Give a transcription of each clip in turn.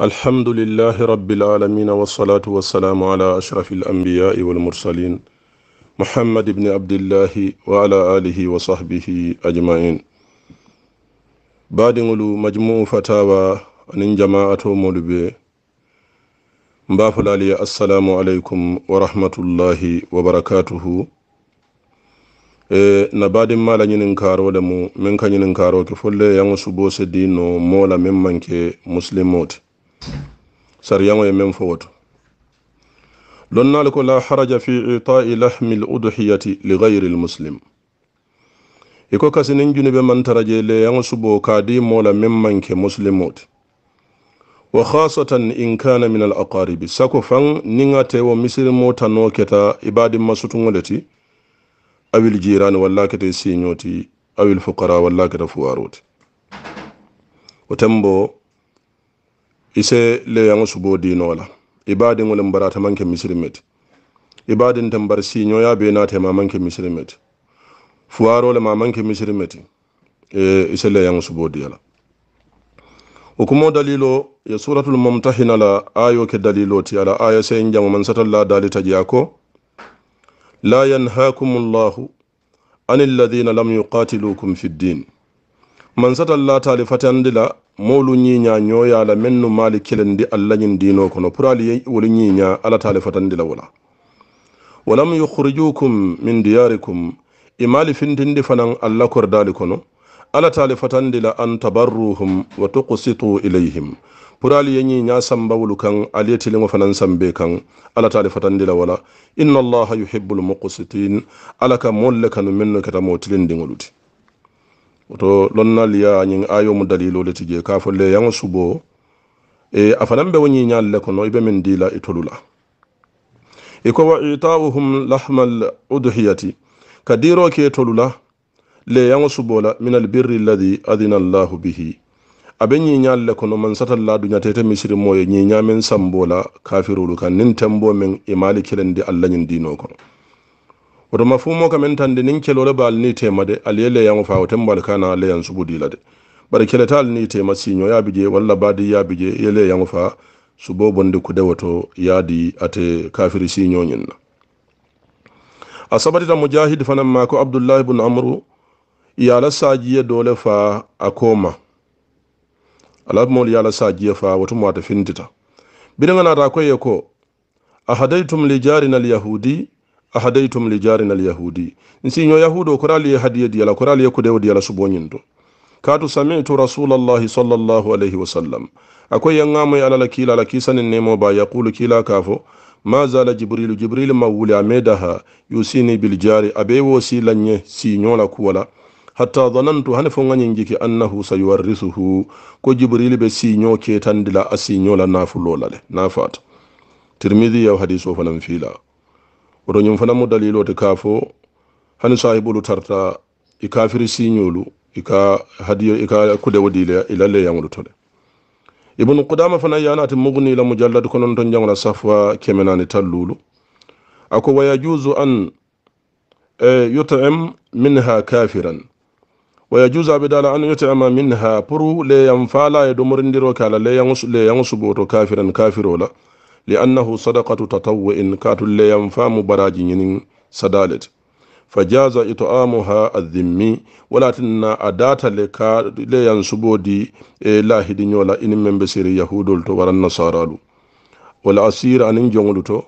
الحمد لله رب العالمين والصلاة والسلام على أشرف الأنبياء والمرسلين محمد بن عبد الله وعلى آله وصحبه أجمعين badiŋolu majmuu fatawa aniŋ jamaato molu be mbaafolaali ye assalamu alaykum warahmatullahi wabarakatuhu e, na baadinmaa la ñininkaaro le mu miŋ ka ñininkaaro ke folle yaŋo suboose diino moo la miŋ maŋ ke musilimoo ti sariyaŋo ye meŋ fo woto lonnaalu ko la haraja fi itai lahmi l uduhiyati li gayri l muslim i e ko kasi niŋ junube maŋ tara je leyaŋo suboo ka di moo la meŋ maŋ ke musilimo ti wa khasatan in kana min al aqaribi sako faŋ niŋ ate wo misirimo ta noo keta i baadinma sutuŋo le ti awil jiirani walla kete i siiñoo ti awil fukara walla keta fuwaaroo ti wo teŋ boo ise leyaŋo subodino la ibadiŋo le barata manke misirimeti ibadinte bar siñoya be nate ma manke misirimeti fuwaro le ma manke misirimeti e, ise leyaŋo subodiya la wo kumo dalilo ye suratul mumtahina la ayo ke dalilo ti ala aya seyin jaŋo man satal la dalitajiya ko la yanhakum llahu ani alladina lam yuqatilukum fi ddine man satallatali fatandi la moolu ñiiña ñooya la men nu maali kelendi allañin diino kono puraali ye wolu ñiiña alatali fatandi la wala walam yukhrijukum min diyarikum i e maali fintindi fanaŋ alla koridaali kono alatali fatandi la an tabarruhum wa tukusitu ilayhim puraali ye ñiiña samba wolu kaŋ ali ye tiliŋo fanaŋ sambe kaŋ alatali fatandi la wala inna allaha yuhibu lmukusitin alla ka moolu le kanu mennu ketamoo tilindiŋolu ti to lonna liya ñin ayo mu dalilo le tije ka fo le yang subo e afanan be woni nyaal le kono ibe min dila e tolula e ko wa itauhum lahmal udhiyati kadiro ke tolula le yang subo la min al birri alladhi adina allah bihi abe ñi ñal le kono man satal la duña tete misri moye ñi ñamen sambo la kafirulu kan nin tembo men e mali kelen di allah ñin dino kono woto ma fuu mo kam en tande nin kelole baal ni tema de aliye leyaŋo fa woten bal kana leyan subudi la de bari keleta al ni tema siño yaabi je walla baadi yaabi je ye leyaŋo fa subo bondi kude woto yaadi ate kafiri siñoñin na a sabatita mujahid fanaŋ ma ko abdullahi bun amru yala sajiye dole fa a koma alamol yala sajiye fa wotomo ata fintita biriŋa nata koye ko ahadaytum li jarina alyahudi ahadaytum li jarina alyahudi nsiño yahudo korali ye hadiye diyala korali ye kudewo diyala suboñinto kaatu samitu rasulallahi sallallahu alayhi wa sallam akoy ye ŋamoye ala la kiila la nemo ba yaqulu kila kafo ma zala jibrilu jibrilu ma wuli a medaha yusini biljari abe wo si lañe siño la kuwa la hatta dhanantu hani fo ŋañin annahu sayuwarrisuhu ko jibrilu be siño ketandi la a siño la nafulo la nafata tirmidhi yaw hadiso fanan fiila oto ñum fana mo dalilo te kaafo hani sahibolu tarta i kafiri siñolu i ka hadiyo i ka kudewo dile i la leyaŋolu to le ibnu qudama fana yanati mugni la mujallad kononto jaŋola safwa kemenani tallulu ako wayajusu an e, yutim minha kafiran wayajusu abe dala an yutima minha pour leyaŋ fala ye domorindiro ke ala leyaŋo suboto kafiran kafiro la liannahu sadaqatu tatawwuin katulleyam faamu baraji ñinin sadalet fa jasa itoamuha adimmi walatinna a datale ka leyan subodi e lahidiñola inin membe sere yahudol to waran nasaralu wala asira anin joŋolu to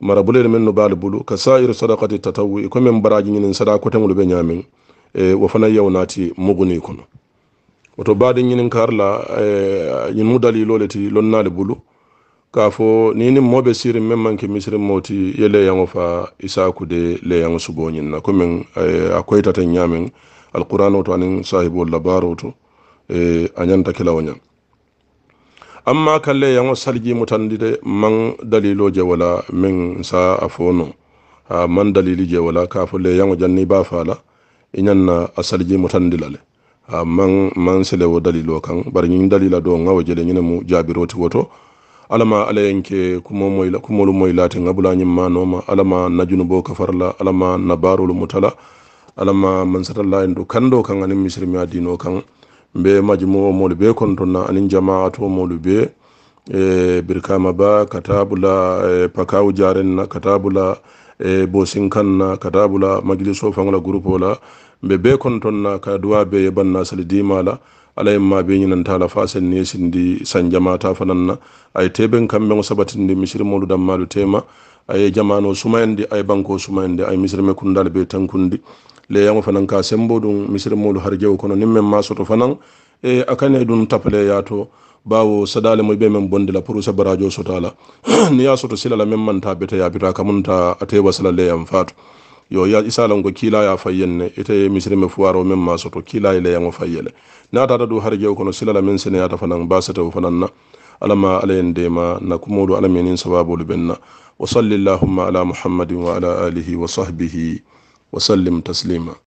mara bulel men no baalu bulu ka sairu sadakati tatawui komin baraji ñinin sada koteŋolu be ñamin e wo fana yawnati muguni kono woto baadi ñinin karla e ñin mu dalilole ti lonnali bulu ka fo ni ni mo be siri men manke misiri moti ye leyaŋo fa isaku de leyaŋo suboñin na komi e, a koyitaten ñamen alquran oto aniŋ sahibol labaro to e, a ñanta kilawo ñaŋ amma ka leyaŋo saliji mutandi de maŋ dalilo je wala min sa a fo no a maŋ dalili je wala ka fo leyaŋo janni ba fa la i ñaŋ na a saliji mutandi la le a maŋ maŋ silewo dalilo kaŋ bari ñiŋ dalila do ŋawo jele ñinemu jaabiro ti woto alama ala yenke kumolu moy late ngabulañim manoma alama najunu bo kafarla alama nabarolu mutala alama mansatalla en du kando kan anin misrimi adino kan be majmuo molu be kontonna anin jamaato molu be e birkama ba katabula e, pakawu jarenna katabula e bosinkanna katabula majliso fangla groupola ɓe be kon toon na ka duwaɓe yeɓanna sali dimala ala yemma be ñinantala fa sen niyesindi sanjamata fananna ay teɓen kamɓe go saɓatindi misiri molu dammalu tema aye jamano sumayende ay banko sumayende ay misiri me kundal be tankundi leyago fanan ka sembo ɗum misiri molu har jewo kono nimmen masoto fanan e akane ɗum tapale yato bawo saɗale moy ɓe men bondila pour sabaradio sotala ni ya soto silala men manta beteyabita kamunta a tewa sala leyam fatou yo ya isa lan ko kiila ya fayyenne ite misirime fuwaro men ma soto kiila ile yango ta natata du harjew kono silala men ta fanan basetewo fanan na alama alayen ma na kumoɗo alaminin sababolu ɓenna wa salli ala muhammadin wa ala alihi wa sahbihi wa sallim taslima